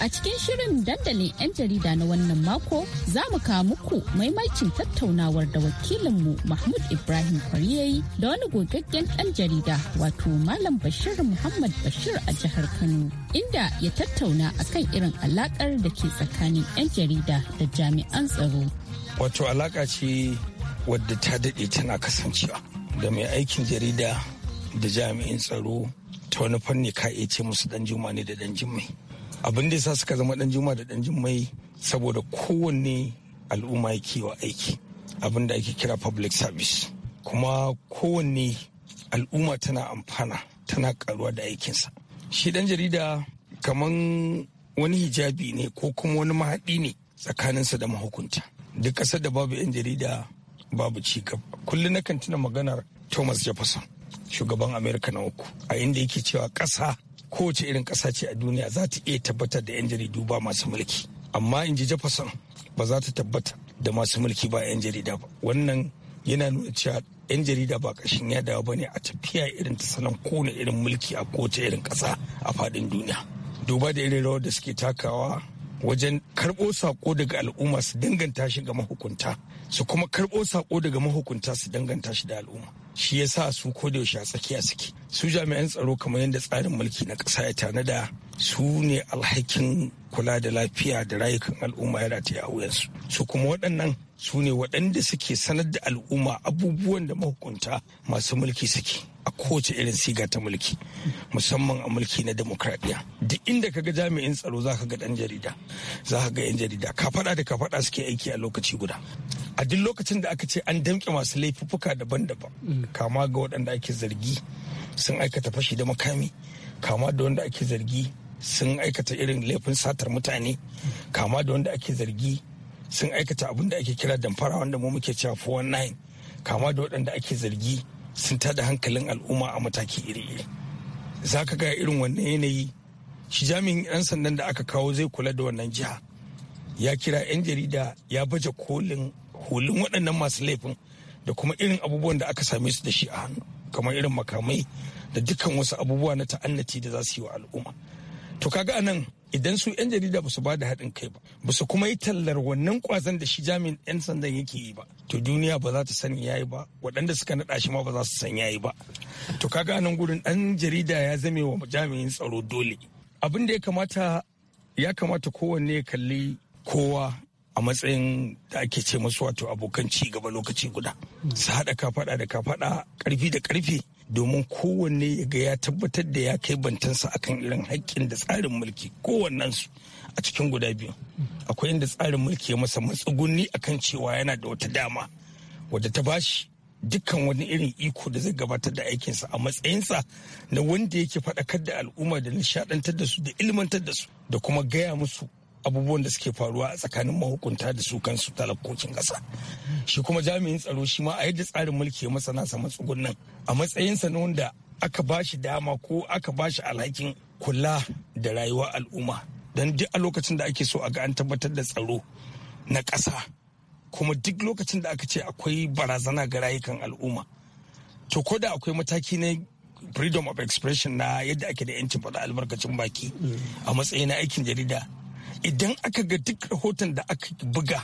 A cikin shirin dandalin 'yan jarida na wannan mako za mu kawo muku maimakin tattaunawar da wakilinmu Mahmud Ibrahim Kwariyayi da wani gogaggen ɗan jarida wato Malam Bashir Muhammad Bashir a jihar Kano inda ya tattauna a kan irin alakar da ke tsakanin 'yan jarida da jami'an tsaro. Wato alaka ce wadda ta daɗe tana kasancewa da mai aikin jarida da jami'in tsaro ta wani fanni ka ce musu dan juma ne da dan jimai. abin da yasa suka zama dan juma da dan jummai saboda kowanne al'umma ya wa aiki abin da ake kira public service kuma kowanne al'umma tana amfana tana karuwa da aikinsa shi dan jarida kaman wani hijabi ne ko kuma wani mahaɗi ne Tsakanin sa da mahukunta duk ƙasar da babu 'yan jarida babu ci gaba kullum na tuna maganar thomas jefferson shugaban america na uku a inda yake cewa ƙasa kowace irin ƙasa ce a duniya za ta iya tabbatar da 'yan jaridu ba masu mulki amma in ji jefferson ba za ta tabbata da masu mulki ba 'yan jarida ba wannan yana nuna cewa 'yan jarida ba kashin ya dawo ba ne a tafiya irin ta sanan kowane irin mulki a kowace irin ƙasa a faɗin duniya duba da irin rawar da suke takawa wajen karɓo saƙo daga al'umma su danganta shi ga mahukunta su kuma karɓo sako daga mahukunta su danganta shi da al'umma shi ya sa su ko yaushe a tsakiya suke su jami'an tsaro kamar yadda tsarin mulki na ƙasa ya tanada su ne alhakin kula da lafiya da rayukan al'umma ya rataya a wuyansu su kuma waɗannan su ne waɗanda suke sanar da al'umma abubuwan da mahukunta masu mulki suke a kowace irin siga ta mulki musamman a mulki na demokradiyya duk inda ka ga jami'in tsaro za ka ga ɗan jarida za ka ga 'yan jarida ka faɗa da ka faɗa suke aiki a lokaci guda a duk lokacin da aka ce an damƙe masu laifuffuka daban-daban kama ga waɗanda ake zargi sun aikata fashi da makami kama da wanda ake zargi sun aikata irin laifin satar mutane kama da wanda ake zargi sun aikata abin da ake kira damfara wanda mu muke cewa 419 kama da waɗanda ake zargi sun tada hankalin al'umma a mataki iri-iri za ka ga irin wannan yanayi shi jami'in 'yan sandan da aka kawo zai kula da wannan jiha ya kira 'yan jarida ya baje kolin hulun waɗannan masu laifin da kuma irin abubuwan da aka same su da shi a hannu kamar irin makamai da dukkan wasu abubuwa na ta'annati da za su yi wa al'umma to kaga anan idan su 'yan jarida ba su ba da haɗin kai ba ba su kuma yi tallar wannan kwazon da shi jami'in 'yan sandan yake yi ba to duniya ba za ta sani ya yi ba waɗanda suka naɗa shi ma ba za su san ya yi ba to kaga anan gurin ɗan jarida ya zame wa jami'in tsaro dole abin da ya kamata ya kamata kowanne ya kalli kowa a matsayin da ake ce masu wato abokan ci gaba lokaci guda su haɗa kafaɗa da kafaɗa ƙarfi da ƙarfi domin kowanne ya ga ya tabbatar da ya kai bantansa akan irin haƙƙin da tsarin mulki kowannensu a cikin guda biyu akwai inda tsarin mulki ya masa matsuguni akan cewa yana da wata dama wadda ta bashi dukkan wani irin iko da zai gabatar da aikinsa a matsayinsa na wanda yake faɗakar da al'umma da nishaɗantar da su da ilmantar da su da kuma gaya musu abubuwan da suke faruwa a tsakanin mahukunta da su kansu talakokin kasa. shi kuma jami'in tsaro shi ma a yadda tsarin mulki ya masana sa matsugunan a matsayinsa na wanda aka ba shi dama ko aka ba shi alhakin kula da rayuwar al'umma don duk a lokacin da ake so a ga an tabbatar da tsaro na kasa. kuma duk lokacin da aka ce akwai barazana ga rayukan al'umma to ko da akwai mataki na freedom of expression na yadda ake da yanci faɗa albarkacin baki a matsayin na aikin jarida idan aka ga duk rahoton da aka buga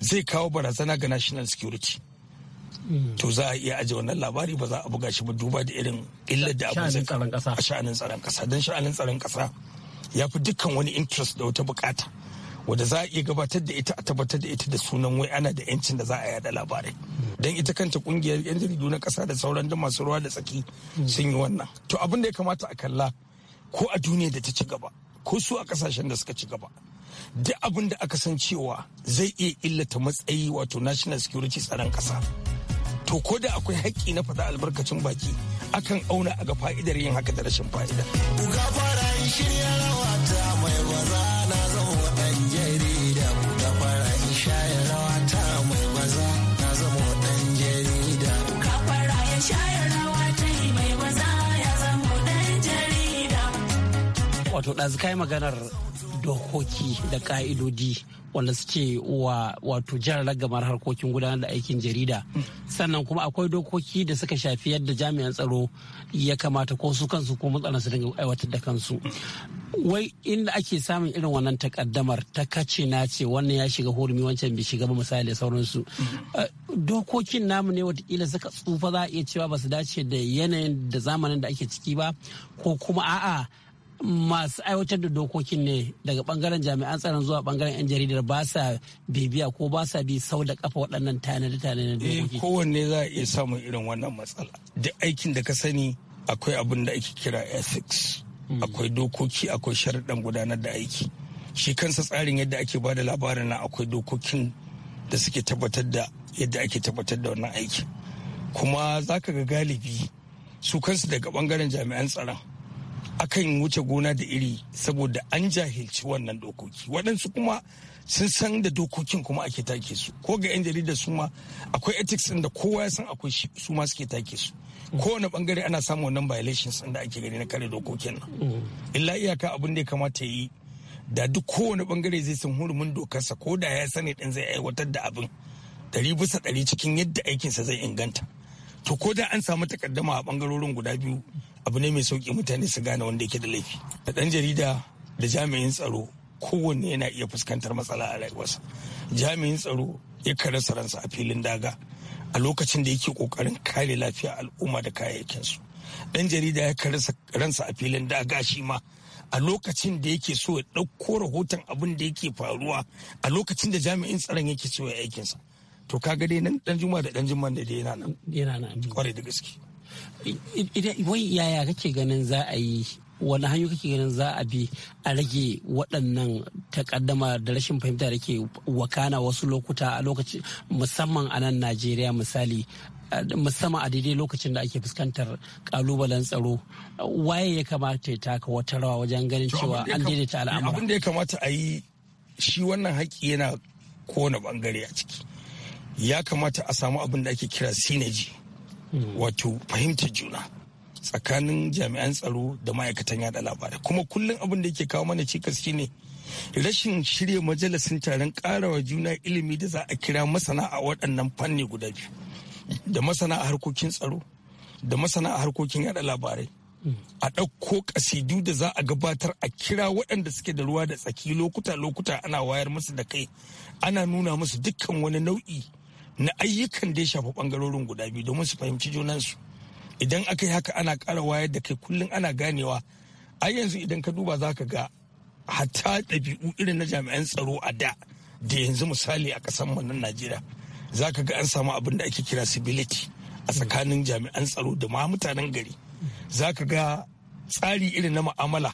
zai kawo barazana ga national security to za a iya aje wannan labari ba za a buga shi ba duba da irin illar da abu zai a sha'anin tsaron kasa don sha'anin tsaron kasa ya fi dukkan wani interest da wata bukata wadda za a iya gabatar da ita a tabbatar da ita da sunan wai ana da yancin da za a yada labarai don ita kanta kungiyar yan jaridu na kasa da sauran da masu ruwa da tsaki sun yi wannan to abin da ya kamata a kalla ko a duniya da ta ci gaba ko su a kasashen da suka ci gaba duk abin da aka san cewa zai iya illata matsayi wato national security tsaron kasa to ko da akwai haƙƙi na faɗa albarkacin baki akan auna a ga fa'idar yin haka da rashin fa'ida. Buga fara shirya rawa ta mai maza zama wato ɗazu kai maganar dokoki da ka'idodi wanda suke wa wato jihar ragamar harkokin gudanar da aikin jarida sannan kuma akwai dokoki da suka shafi yadda jami'an tsaro ya kamata ko su kansu ko matsalar su dinga aiwatar da kansu wai inda ake samun irin wannan takaddamar ta kace na ce wannan ya shiga hurumi wancan bai shiga ba misali da sauransu eh, dokokin namu ne watakila suka tsufa za a iya cewa ba su dace da yanayin da zamanin da ake ciki ba ko kuma a'a masu aiwatar da dokokin ne daga bangaren jami'an tsaron zuwa bangaren 'yan jaridar ba sa bibiya ko ba sa bi sau da kafa waɗannan tanadi tanade dokoki. Eh, kowanne za a iya samun irin wannan matsala da aikin da ka sani akwai abin da ake kira ethics hmm. akwai dokoki akwai sharaɗan gudanar da aiki shi kansa tsarin yadda ake ba da labarin na akwai dokokin da suke tabbatar da yadda ake tabbatar da wannan aiki kuma za ga galibi su kansu daga bangaren jami'an tsaron akan wuce gona da iri saboda an jahilci wannan dokoki waɗansu kuma sun san da dokokin kuma ake take su ko ga 'yan jarida su ma akwai ethics da kowa ya san akwai su ma suke take su kowane bangare ana samun wannan violations da ake gani na kare dokokin nan mm. illa iyaka abin da ya kamata yi da duk kowane bangare zai san hurumin dokarsa ko da ya sani din zai aiwatar da abin ɗari bisa ɗari cikin yadda aikinsa zai inganta to ko da an samu takaddama a bangarorin guda biyu abu ne mai sauki mutane su gane wanda yake da laifi da ɗan jarida da jami'in tsaro kowanne yana iya fuskantar matsala a rayuwarsa jami'in tsaro ya rasa ransa a filin daga a lokacin da yake kokarin kare lafiya al'umma da kayayyakinsu ɗan jarida ya rasa ransa a filin daga shi ma a lokacin da yake so ya ɗauko rahoton abin da yake faruwa a lokacin da jami'in tsaron yake so ya aikinsa to kaga dai nan dan juma da dan juma da dai yana nan kwarai da gaske wai yaya kake ganin za a yi wani hanyoyi kake ganin za a bi a rage waɗannan takaddama da rashin fahimta da ke wakana wasu lokuta a lokaci musamman a nan najeriya misali musamman a daidai lokacin da ake fuskantar kalubalen tsaro waye ya kamata ya taka wata rawa wajen ganin cewa an daidaita al'amura abin da ya kamata a yi shi wannan haƙƙi yana kowane bangare a ciki ya kamata a samu abin da ake kira sinaji Mm. wato fahimtar juna tsakanin jami'an tsaro da ma'aikatan yada labarai kuma kullum abin da yake kawo mana cikas shine rashin shirya majalisun taron karawa juna ilimi da za a kira masana a waɗannan fanni guda biyu da masana a harkokin tsaro da masana a harkokin yada labarai mm. a ɗauko kasidu da za a gabatar a kira waɗanda suke da ruwa da tsaki lokuta-lokuta ana wayar musu da kai ana nuna musu dukkan wani nau'i na ayyukan da ya shafi bangarorin guda biyu domin su fahimci junansu idan aka yi haka ana kara wayar da kai kullum ana ganewa a yanzu idan ka duba za ka ga hatta ɗabi'u irin na jami'an tsaro a da da yanzu misali a ƙasar mu nan najeriya za ka ga an samu abin da ake kira civility a tsakanin jami'an tsaro da ma mutanen gari za ka ga tsari irin na ma'amala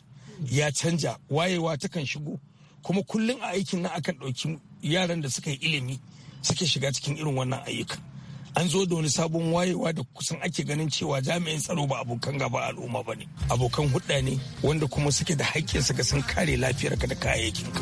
ya canja wayewa takan shigo kuma kullum a aikin nan akan ɗauki yaran da suka yi ilimi suke shiga cikin irin wannan ayyuka an zo da wani sabon wayewa da kusan ake ganin cewa jami'in tsaro ba abokan gaba al'umma ba ne abokan hudda ne wanda kuma suke da haƙƙinsu ga sun kare lafiyarka da kayayyakin ka.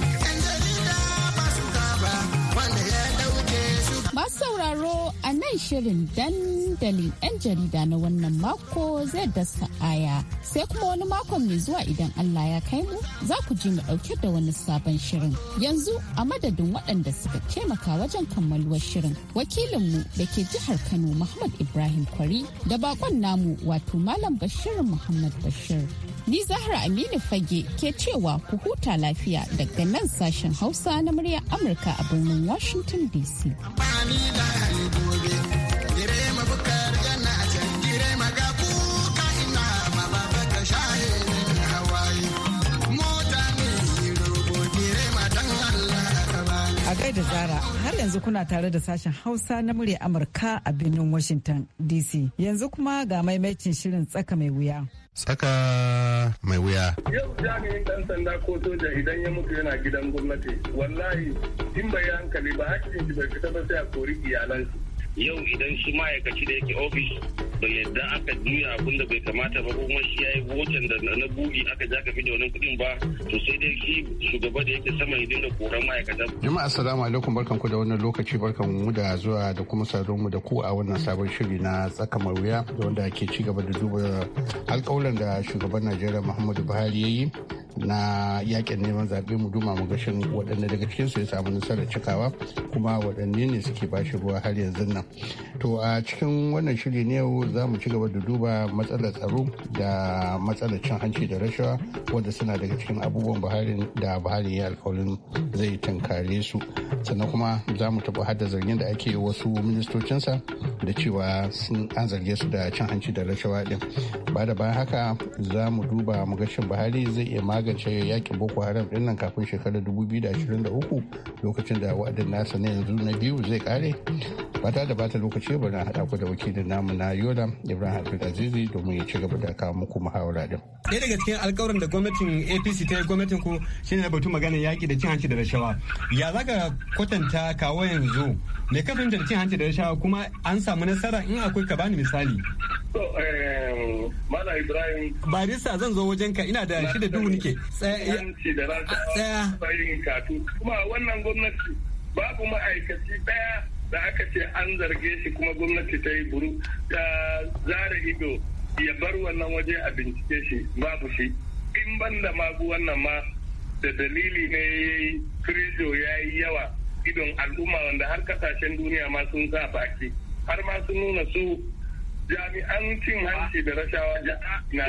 nan shirin dandalin 'yan jarida na wannan mako zai dasa aya sai kuma wani makon mai zuwa idan Allah ya kai mu za ku ji mu ɗauke da wani sabon shirin yanzu a madadin waɗanda suka taimaka wajen kammaluwar shirin wakilinmu da ke jihar Kano Muhammad Ibrahim Kwari da bakon namu wato Malam Bashir Muhammad Bashir Ni Zahra Aminu Fage ke cewa ku huta lafiya daga nan sashen Hausa na murya Amurka a birnin Washington DC. da Zara har yanzu kuna tare da sashen Hausa na murya Amurka a birnin Washington DC. Yanzu kuma ga maimacin shirin tsaka mai wuya. Saka mai wuya. Yau jami'in ɗan sanda ko soja idan ya mutu yana gidan gwamnati wallahi in bai yi hankali ba hakkin shi bai fita ba sai a kori iyalansu. yau idan shi ma'aikaci da yake ofis bai yadda aka juya abin da bai kamata ba kuma shi ya yi wocin da na bugi aka ja ka da wani kuɗin ba to sai dai shi shugaba da yake sama idan da koran ma'aikata. jama'a assalamu alaikum barkanku da wannan lokaci barkan mu da zuwa da kuma sadon mu da ku a wannan sabon shiri na tsaka wuya da wanda ke ci gaba da duba alƙawuran da shugaban najeriya muhammadu buhari ya yi na yakin neman zaɓe mu duma mu gashin waɗanne daga cikin su ya samu nasarar cikawa kuma waɗanne ne suke bashi ruwa har yanzu nan To a cikin wannan shiri ne za mu ci gaba da duba matsalar tsaro da matsalar cin hanci da rashawa wanda suna daga cikin abubuwan Buhari da Buhari ya alkawarin zai tankare su. Sannan kuma za mu taɓa hada zargin da ake wasu ministocinsa da cewa sun an zarge su da cin hanci da rashawa din. Ba da bayan haka za mu duba mu ga shin Buhari zai iya magance yakin Boko Haram dinnan kafin shekarar 2023 lokacin da wa'adin nasa na yanzu na biyu zai kare. Ba da bata lokaci ba na haɗa ku da wakilin namu na yola ibrahim abdul azizi domin ya ci gaba da kawo muku muhawara din ɗaya daga cikin alƙawarin da gwamnatin apc ta yi gwamnatin ku shine na batu maganar yaƙi da cin hanci da rashawa ya za ka kwatanta kawo yanzu mai ka fahimta cin hanci da rashawa kuma an samu nasara in akwai ka bani misali eh, Mala Ibrahim. Barista zan zo wajen ka ina da shi da duhu nike. Tsaya. Kuma wannan gwamnati babu ma'aikaci daya da aka ce an zarge shi kuma gwamnati ta yi buru ta zara ido ya bar wannan waje a bincike shi babu shi in ban da magu wannan ma da dalili ne ya yi firijo ya yi yawa idon al'umma wanda har kasashen duniya ma sun sa baki har ma sun nuna su jami'an cin hanci da rashawa na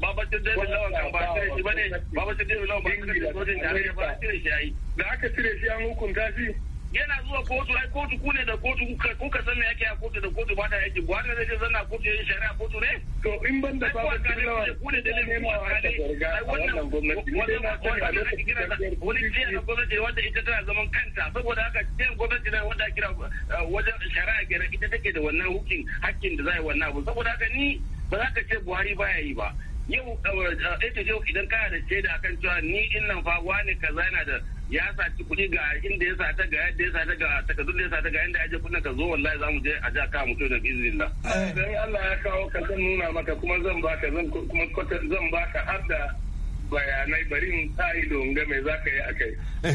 babacin david lawan kan ba cire shi ba ne babacin david lawan ba cire shi sojin tare ba cire shi yayi da aka cire shi an hukunta shi yana zuwa kotu ai kotu ku ne da kotu kuka san me yake a kotu da kotu ba ta aiki buhari ne zai zanna kotu yayin shari'a kotu ne to in ban da ba ku ne ku ne da ne mu ai wannan gwamnati ne na san a lokacin kira da wani jiya na gwamnati wanda ita tana zaman kanta saboda haka jiya gwamnati na wanda kira eh, wajen shari'a kira ita take da wannan hukin hakkin da za yi wannan abu saboda haka ni ba za ka ce buhari baya yi ba yau ita eh, yau eh, idan kana da shaida akan cewa ni in nan fa wani kaza yana da ya saci kuɗi ga inda ya sata ga yadda ya sata ga takardun da ya sata ga inda ya je kuɗin ka zo wallahi za mu je a ja ka mutum da eh. da. Sai Allah ya kawo ka zan nuna maka kuma zan baka zan kuma zan baka har da bayanai bari in sa ido in ga me za ka yi a kai.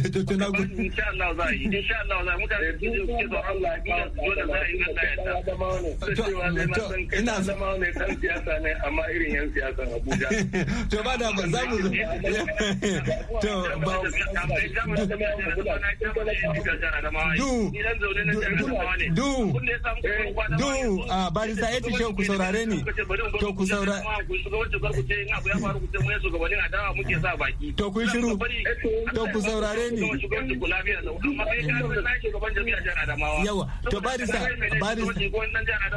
To to na gudu. Insha Allah za yi. Insha Allah za mutane su zo Allah ya za yi na yadda. Ina zama ne san siyasa ne amma irin yan siyasa Abuja. To ba da za mu zo. To ba. Du. Du. Du. A barista ya ku saurare ni. To ku saurare. sa muke sa baki to kun shiru to ku saurare ni yawa to barisa barisa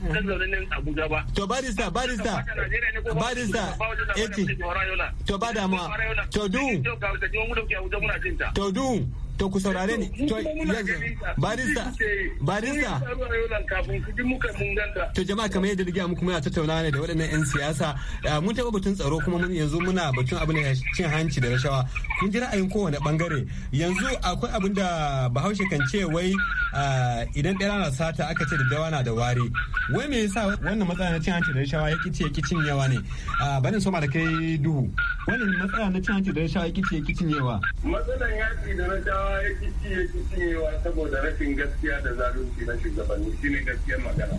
hmm. to barisa barisa barisa eti to ba ma. to du to du to ku saurare ni to barista barista to jama'a kamar yadda riga muku muna tattaunawa ne da waɗannan yan siyasa eh, mun taɓa batun tsaro kuma yanzu muna batun abin da cin hanci da rashawa kun ji ra'ayin kowane bangare yanzu akwai abin da bahaushe kan ce wai Ah, idan ɗaya na sata aka ce da dawa na da ware wai me yasa wannan matsala na cin hanci da rashawa ya kice ya kicin yawa ne ah, bani soma da kai duhu wannan matsala na cin hanci da rashawa ya kice ya kicin yawa matsalan yaki da rashawa ya kice ya kicin yawa saboda rashin gaskiya da zalunci na shugabanni shine gaskiyar magana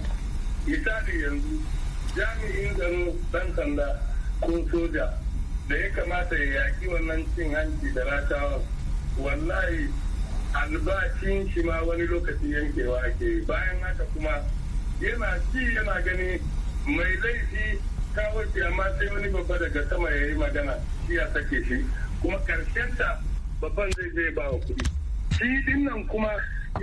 misali yanzu jami'in tsaro dan sanda ko soja da ya kamata ya yaki wannan cin hanci da rashawa wallahi albashin shi ma wani lokaci yankewa ke bayan haka kuma yana ci yana gani mai laifi ta wace amma sai wani babba daga sama ya yi magana shi ya sake shi kuma ta babban zai zai ba wa kuɗi shi nan kuma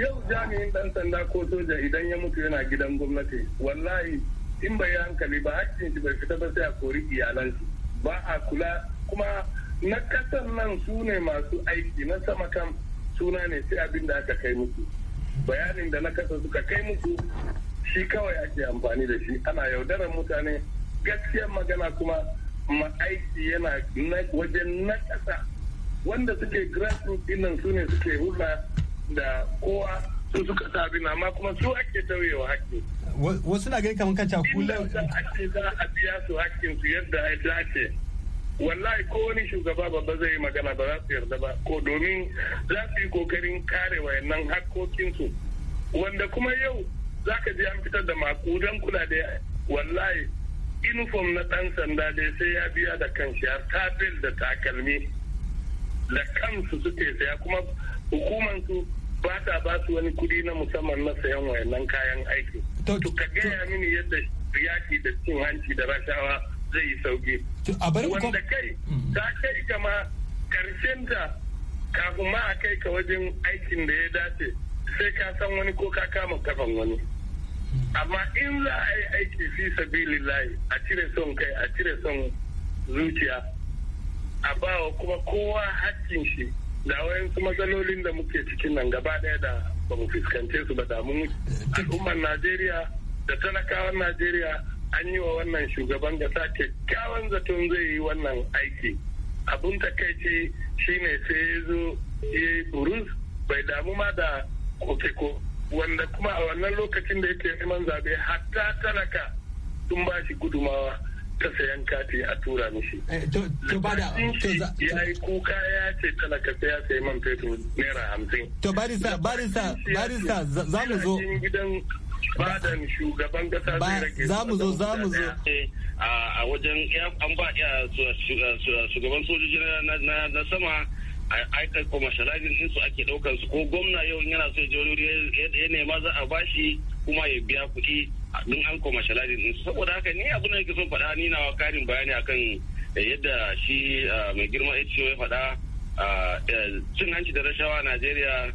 yau jami'in dan sanda ko soja idan ya mutu yana gidan gwamnati wallahi in bai hankali ba hakkin shi bai fita ba sai a kori iyalansu ba a kula kuma na kasar nan su ne masu aiki na sama kan suna ne sai abin da aka kai musu bayanin da na kasa suka kai musu shi kawai ake amfani da shi ana yaudarar mutane gaskiyar magana kuma ma'aiki yana wajen na kasa wanda suke grassroots dinnan su ne suke hulɗa da kowa su suka sa abin amma kuma su ake tauyewa hakki wasu na gani kamar kaca kula a ce za a biya su hakkin su yadda ya dace wallahi ko wani shugaba baba zai yi magana ba za su yarda ba ko domin za su yi kokarin kare wayannan hakkokinsu wanda kuma yau za ka ji an fitar da makudan da wallahi uniform na dan sanda dai sai ya biya da kanshi har tabel da takalmi da kansu suke saya kuma hukumansu ba ta ba su wani kudi na musamman na sayan wayannan kayan aiki to ka gaya mini yadda yaki da cin hanci da rashawa zai yi sauki. Wanda kai mm-hmm. ta kai gama karshen ta kafin ma a kai ka wajen aikin da ya dace sai ka san wani ko ka kama kafan wani. Mm-hmm. Amma in za a yi aiki fi sabili layi a cire son kai a cire son zuciya a bawa kuma kowa hakkin shi da wayansu matsalolin da muke cikin nan gaba daya da ba mu fuskance su ba da eh, al'ummar Najeriya da talakawan Najeriya an yi wa wannan shugaban kasa kyakkyawan zaton zai yi wannan aiki abun takaici shine sai ya zo ya yi burus bai damu ma da kofeko wanda kuma a wannan lokacin da yake neman zabe hatta talaka sun ba shi gudumawa ta sayan kati a tura mishi. Eh, to ba da ya yi kuka ya ce talaka sai ya sayi man fetur naira hamsin. To barista barista barista za mu zo. fadan shugaban kasa zai rage za mu zo za mu zo a wajen an ba shugaban sojoji na sama aikar commercializing din su ake daukar su ko gwamna yau yana so ya wuri ya nema za a bashi kuma ya biya kuɗi don an commercializing din su saboda haka ni abin da yake son faɗa ni na karin bayani akan yadda shi mai girma HCO ya faɗa cin hanci da rashawa a Najeriya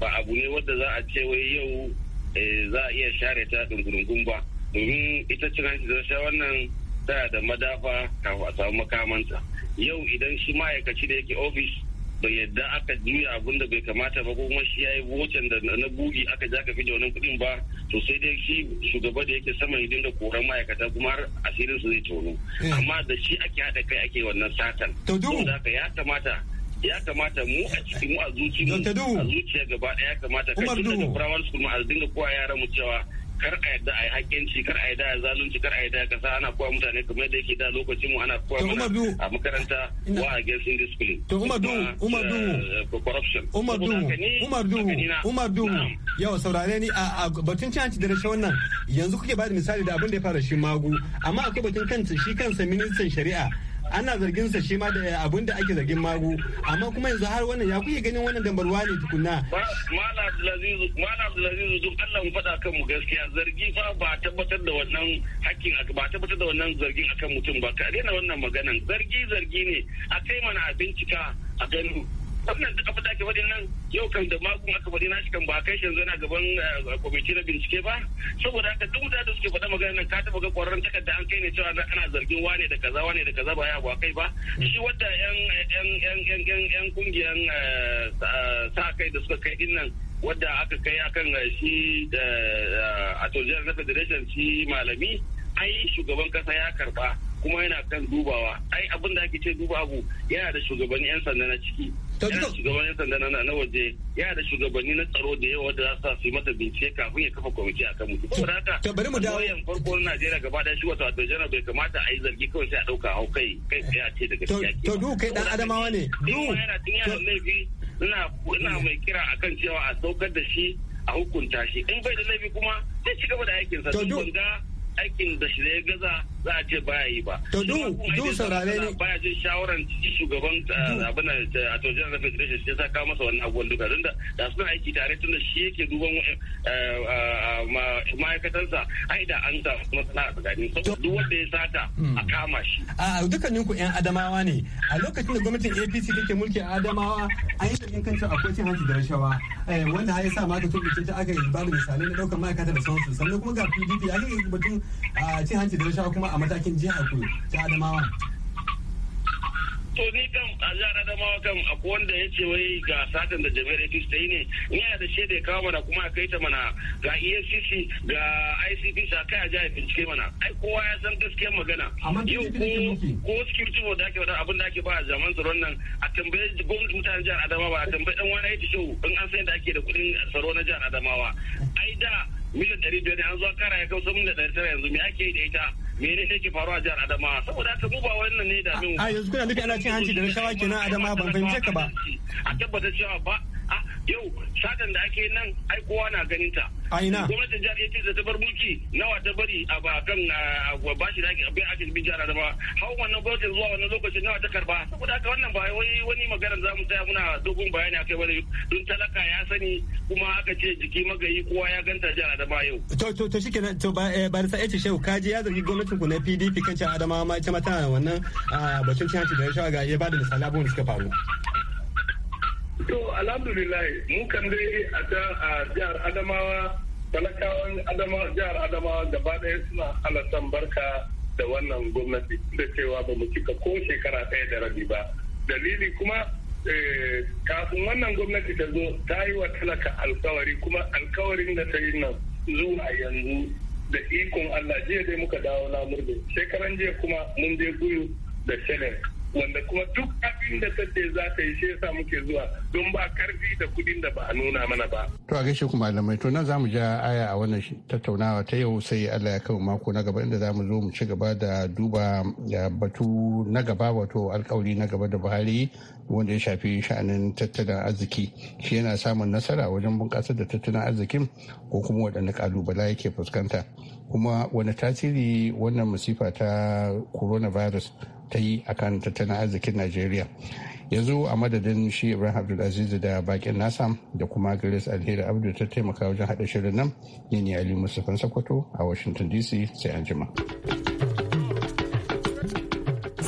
ba abu ne wadda za a ce wai yau Eh, za a iya share ta dungurungun ba domin ita cin hanci da sha wannan tana da madafa kafin a samu makamanta yau idan shi ma'aikaci da yake ofis bai yadda aka juya abin da bai kamata ba kuma shi ya yi wocen da na bugi aka ja ka fi da wannan kuɗin ba to sai dai shi shugaba da yake sama idan da koran ma'aikata kuma har asirin su zai tono eh. amma da shi ake haɗa kai ake wannan satan. To ya kamata ya kamata mu a cikin mu a zuci mu a zuciya gaba ɗaya ya kamata ka tun daga firamar school mu a dinga kowa yara mu cewa kar a yadda a yi haƙƙinci kar a yadda a zalunci kar a yadda a kasa ana kowa mutane kamar yadda yake da lokacin mu ana kowa mana a makaranta wa against indiscipline to umar du umar eh, du corruption umar du umar du umar du yawa saurare ni a batun cin hanci da rashin wannan yanzu kuke bada misali da abin da ya fara shi magu amma akwai batun kansa shi kansa ministan shari'a ana zargin sa shi ma da eh, abin da ake zargin magu amma kuma yanzu har wannan ya kuke ganin wannan dambarwa ne tukunna malam abdulaziz duk Allah mu faɗa kan mu gaskiya zargi fa ba tabbatar da wannan hakkin ba tabbatar da wannan zargin akan mutum ba ka daina wannan maganan zargi zargi ne a kai mana a bincika a gani wannan duk abin da ake faɗi nan yau kan da makon aka faɗi na shi kan ba kai shi yanzu yana gaban eh, kwamiti na bincike ba saboda haka duk da suke faɗa magana nan ka taɓa ga ƙwararren takarda an kai ne cewa ana zargin wane da kaza wane da kaza ba ya ba kai ba shi wadda yan yan yan yan yan yan kungiyan eh, sa kai da suka kai din nan wadda aka kai akan eh, shi da a na federation shi malami ai shugaban kasa ya karba kuma yana kan dubawa ai abin da ake ce duba abu yana da shugaban yan sanda na ciki yana shugaban yan sanda na na waje yana da shugabanni na tsaro da yawa da za su su yi mata bincike kafin ya kafa kwamiti a kan mutum. Saboda haka to bari mu dawo farko na Najeriya gaba da shi wato wato janar bai kamata a yi zargi kawai sai a ɗauka hau kai kai tsaye a ce daga gaske. To du kai ɗan Adamawa ne. Du yana tun yana laifi ina ina mai kira akan cewa a saukar da shi a hukunta shi in bai da laifi kuma sai ci gaba da aikinsa. To du aikin da shi ya gaza za a ce baya yi ba. To du du saurare ne. Baya jin shawaran shugaban eh, abin a to jiran rafi da shi ya kawo masa wannan abubuwan duka don da suna aiki tare tun da shi yake duban eh, eh, ma'aikatansa ai da an sa kuma sana'a tsakanin duk wanda ya sata hmm. a kama shi. A dukkanin ku 'yan Adamawa ne a lokacin da gwamnatin APC take mulki a Adamawa an yi da kancin akwai cin hanci da rashawa wanda ya sa ma ta tuɓe ta aka yi da misalai na ɗaukar ma'aikata da sauransu sannan kuma ga PDP aka yi batun a cin hanci da rashawa kuma a matakin jihar ku ta adamawa to ni kan a jihar adamawa kan akwai wanda ya ce wai ga satin da jami'ar apc ta yi ne ni yana da shaida ya kawo mana kuma a kai ta mana ga efcc ga icp sa kai a jihar bincike mana ai kowa ya san gaskiyar magana yau ko security board da ake wadda abin da ake ba a zaman tsaron nan a tambaye gwamnati mutanen jihar adamawa a tambaye dan wani ya ce in an san da ake da kuɗin tsaro na jihar adamawa ai da miliyan ɗari biyar an zo kara ya sun da ɗari tara yanzu me ake yi da ita mene ne ke faruwa a jihar adama saboda haka mu ba wannan ne da min a yanzu kuna nufi ana cin hanci da rashawa kenan adama ban fahimce ka ba a tabbata cewa ba a ah, yau satan da ake nan ai kowa na ganin ta aina gwamnatin jihar yace da ta bar mulki nawa ta bari a ba kan bashi da ake bin ake bin jihar Adamawa hau wannan gwamnatin zuwa wannan lokacin nawa ta karba saboda haka wannan ba wai wani magana zamu tsaya muna dogon bayani akai bane don talaka ya sani kuma aka ce jiki magayi kowa ya ganta jihar Adamawa yau to to to shikenan to ba eh, barisa yace shehu kaji ya zargi gwamnatin ku na PDP kan jihar Adama ma ita mata tana wannan ah, batun cin hanci da rashawa ga ya bada misali abubuwan da suka faru To alhamdulillah mun kan dai a jihar Adamawa talakawan Adamawa jihar Adamawa gaba ɗaya suna alasan barka da wannan gwamnati da cewa ba mu cika ko shekara ɗaya da rabi ba. Dalili kuma eh, kafin wannan gwamnati ta zo ta yi wa talaka alkawari kuma alkawarin da ta yi nan zuwa yanzu da ikon Allah jiya dai muka dawo na shekaran jiya kuma mun je guyu da Senate wanda kuma duk abin da ta za ta yi shi yasa muke zuwa don ba karfi da kudin da ba a nuna mana ba. To a gaishe ku malamai to nan za mu ja aya a wannan tattaunawa ta yau sai Allah ya kawo mako na gaba inda za mu zo mu ci gaba da duba batu na gaba wato alkawari na gaba da Buhari wanda ya shafi sha'anin tattalin arziki shi yana samun nasara wajen bunƙasar da tattalin arzikin ko kuma waɗanda ƙalubala yake fuskanta kuma wani tasiri wannan masifa ta coronavirus ta yi akan tattalin arzikin najeriya yanzu a madadin shi ibrahim abdulaziz da bakin nasa da kuma grace alheri abdu ta taimaka wajen haɗa shirin nan ne ne ali mustapha sokoto a washington dc sai an jima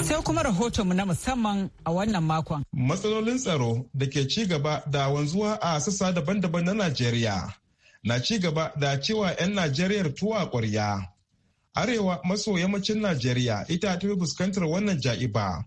sai kuma rahotonmu na musamman a wannan makon matsalolin tsaro da ke ci gaba da wanzuwa a sassa daban-daban na najeriya na cigaba da cewa 'yan najeriyar tuwa ƙwarya arewa maso yammacin najeriya ita ta fi fuskantar wannan ja'iba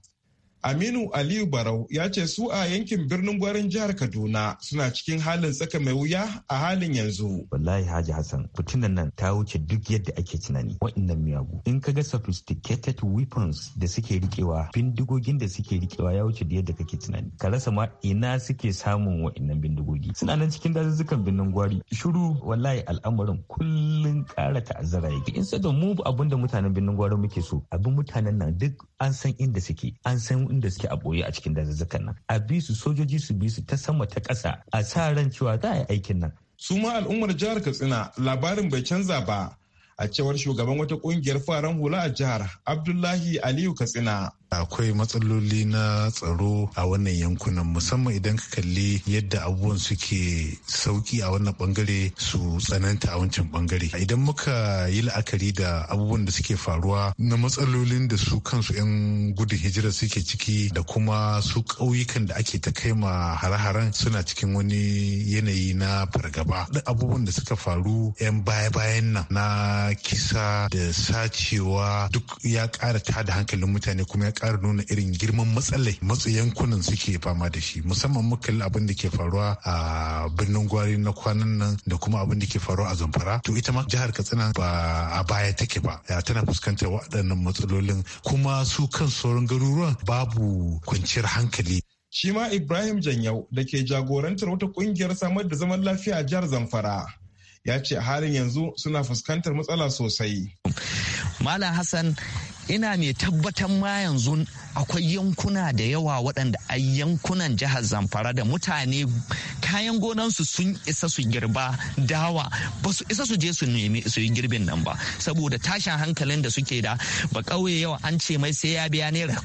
Aminu Aliyu Barau ya ce su a yankin birnin gwarin jihar Kaduna suna cikin halin tsaka mai wuya a halin yanzu. Wallahi Haji Hassan, fitinan nan ta wuce duk yadda ake tunani wa'annan miyagu. In ka ga sophisticated weapons da suke rikewa, bindigogin da suke rikewa ya wuce da yadda kake tunani. Ka rasa ma ina suke samun wa'annan bindigogi. Suna nan cikin dazuzzukan birnin gwari. Shiru wallahi al'amarin kullum ƙara ta'azzara yake. In da mu abin da mutanen birnin gwari muke so, abin mutanen nan duk an san inda suke, an san da suke a boye a cikin dazuzzukan nan a bi su sojoji su bi su ta sama ta ƙasa a sa ran cewa za a yi aikin nan su ma al'ummar jihar katsina labarin bai canza ba a cewar shugaban wata kungiyar faran hula a jihar abdullahi aliyu katsina akwai matsaloli na tsaro a wannan yankunan musamman idan ka kalli yadda abubuwan suke sauki a wannan bangare su tsananta a wancan bangare idan muka yi la'akari da abubuwan da suke faruwa na matsalolin da su kansu 'yan gudun hijira suke ciki da kuma su ƙauyukan da ake ta kai ma hare-haren suna cikin wani yanayi na fargaba duk abubuwan da suka faru 'yan baya-bayan nan na kisa da sacewa duk ya ƙara tada hankalin mutane kuma ya Kara nuna irin girman matsalai matsu yankunan suke fama da shi musamman muka abin da ke faruwa a birnin gwari na kwanan nan da kuma abin da ke faruwa a zamfara to ita ma jihar katsina ba a baya take ba tana fuskantar waɗannan matsalolin kuma su kan sauran garuruwan babu kwanciyar hankali shi ma ibrahim janyau da ke jagorantar wata kungiyar samar da zaman lafiya a jihar zamfara ya ce a halin yanzu suna fuskantar matsala sosai Malam Hassan ina mai tabbatar ma yanzu akwai yankuna da yawa waɗanda a yankunan jihar zamfara da mutane kayan gonansu sun isa su girba dawa ba su isa su je su nemi su yi girbin nan ba saboda tashin hankalin da suke da ba kauye yawa an ce mai sai ya biya naira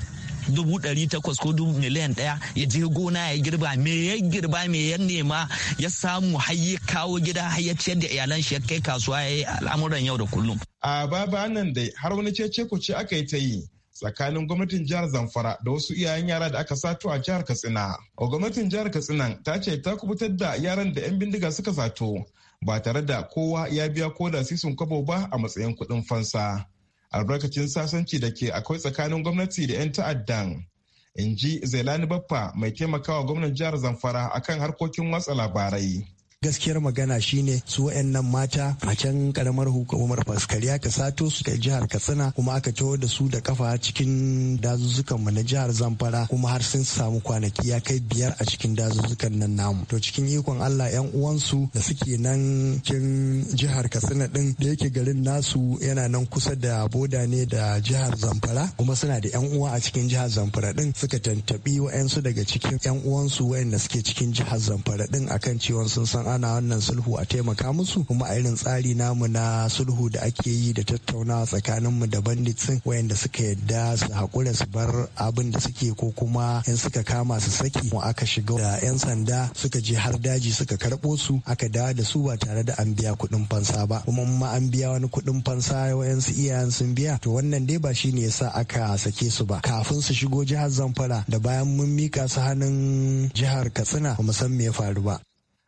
dubu ɗari takwas ko dubu miliyan ɗaya ya je gona ya girba me ya girba me ya nema ya samu har ya kawo gida har ciyar da iyalan shi ya kai kasuwa ya yi al'amuran yau da kullum. a baba nan dai har wani cece ce aka yi ta yi tsakanin gwamnatin jihar zamfara da wasu iyayen yara da aka sato a jihar katsina gwamnatin jihar katsina ta ce ta kubutar da yaran da 'yan bindiga suka sato ba tare da kowa ya biya ko da sisun kwabo ba a matsayin kuɗin fansa albarkacin sasanci da ke akwai tsakanin gwamnati da 'yan ta'addan in ji zailani baffa mai taimakawa gwamnan jihar zamfara akan harkokin watsa labarai gaskiyar magana shine su wayannan mata a can karamar hukumar faskariya ka sato su kai jihar katsina kuma aka ciwo da su da kafa cikin dazuzzukan mu na jihar zamfara kuma har sun samu kwanaki ya kai biyar a cikin dazuzzukan nan namu to cikin ikon allah yan uwansu da suke nan cikin jihar katsina din da yake garin nasu yana nan kusa da boda ne da jihar zamfara kuma suna da yan uwa a cikin jihar zamfara din suka tantabi wa'yansu daga cikin yan uwansu da suke cikin jihar zamfara din akan ciwon sun san gudana wannan sulhu a taimaka musu kuma a irin tsari namu na sulhu da ake yi da tattaunawa tsakaninmu da bandits wayanda suka yadda su haƙura su bar abin da suke ko kuma in suka kama su saki mu aka shiga da 'yan sanda suka je har daji suka karɓo su aka dawo da su ba tare da an biya kuɗin fansa ba kuma ma an biya wani kuɗin fansa wayansu iyayen sun biya to wannan dai ba shine yasa aka sake su ba kafin su shigo jihar zamfara da bayan mun mika su hannun jihar katsina kuma san me ya faru ba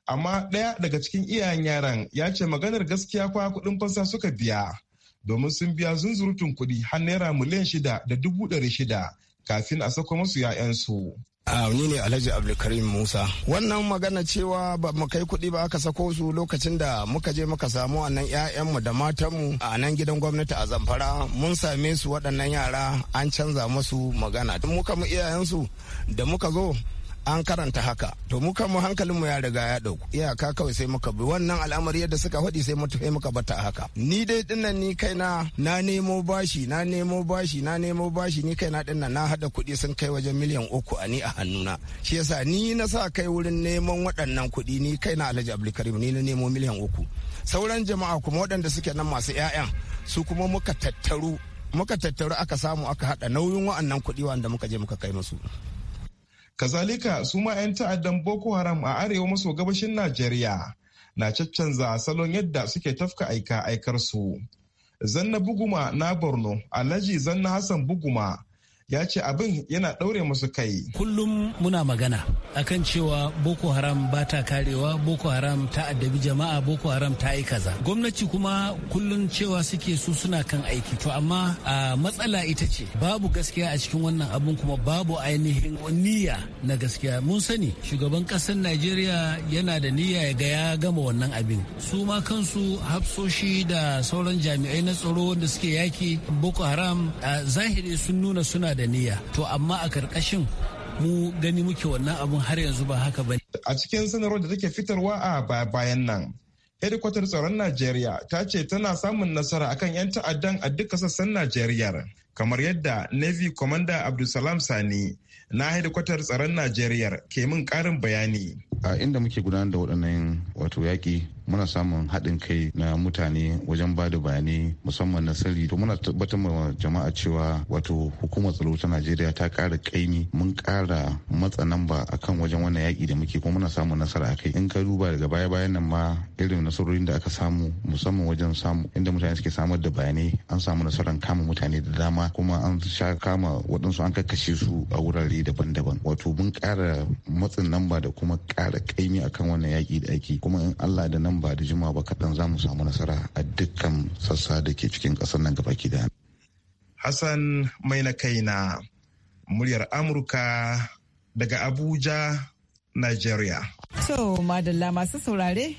amma ɗaya daga cikin iyayen yaran ya ce maganar gaskiya kwa kuɗin fansa suka biya domin sun biya zunzurutun kuɗi har naira miliyan shida da dubu ɗari shida kafin a sako masu 'ya'yansu. Uh, ni ne alhaji abdulkarim musa wannan magana cewa ba mu kai kuɗi ba aka sako su lokacin da muka je muka samu a nan mu da matanmu a nan gidan gwamnati a zamfara mun same su waɗannan yara an canza musu magana muka mu iyayensu da muka zo an karanta haka to mu hankalin hankalinmu ya riga ya ɗauku iyaka kawai sai muka bi wannan al'amari yadda suka faɗi sai mutu sai muka bata haka ni dai dinnan ni kaina na nemo bashi na nemo bashi na nemo bashi ni kaina dinnan na hada kuɗi sun kai wajen miliyan uku a ni a hannuna shi yasa ni na sa kai wurin neman waɗannan kuɗi ni kaina Alhaji Abdulkarim ni na nemo miliyan uku sauran jama'a kuma waɗanda suke nan masu 'ya'yan su kuma muka tattaru muka tattaru aka samu aka hada nauyin wa'annan kuɗi wanda muka je muka kai musu Kazalika su ma 'yan ta'addan Boko Haram a arewa maso gabashin Najeriya na caccanza salon yadda suke tafka aika aikar Zanna Buguma na Borno, Alhaji Zanna Hassan Buguma ya ce abin yana ɗaure musu kai. Kullum muna magana akan cewa Boko Haram ba ta karewa, Boko Haram ta addabi jama'a, Boko Haram ta yi kaza. Gwamnati kuma kullum cewa suke su suna kan aiki. To amma a matsala ita ce babu gaskiya a cikin wannan abun kuma babu ainihin niyya na gaskiya. Mun sani shugaban ƙasar Najeriya yana da niyya ya ga ya gama wannan abin. Su ma kansu hafsoshi da sauran jami'ai na tsaro wanda suke yaki Boko Haram a zahiri sun nuna suna da niyya to amma a karkashin mu gani muke wannan abun har yanzu ba haka ba a cikin sanarwar da take fitarwa a bayan nan hedikwatar tsaron najeriya ta ce tana samun nasara akan 'yan ta'addan a duka sassan najeriya kamar yadda navy commander abdulsalam sani na hedikwatar tsaron najeriya ke min karin bayani a inda muke gudanar da waɗannan wato yaƙi muna samun haɗin kai na mutane wajen ba da bayanai musamman na sirri to muna tabbatar ma jama'a cewa wato hukumar tsaro ta najeriya ta ƙara ƙaimi mun ƙara matsa namba a kan wajen wannan yaƙi da muke kuma muna samun nasara a kai in ka duba daga baya bayan nan ma irin nasarorin da aka samu musamman wajen samu inda mutane suke samar da bayanai an samu nasarar kama mutane da dama kuma an sha kama waɗansu an kakkashe su a wurare daban-daban wato mun ƙara matsin namba da kuma ƙara a akan wannan yaƙi da ake kuma in allah da nan ba da juma ba kaɗan za mu samu nasara a dukkan sassa da ke cikin ƙasar nan gaba da. Hassan mai na kai na muryar Amurka daga Abuja, Nigeria. So, madalla masu saurare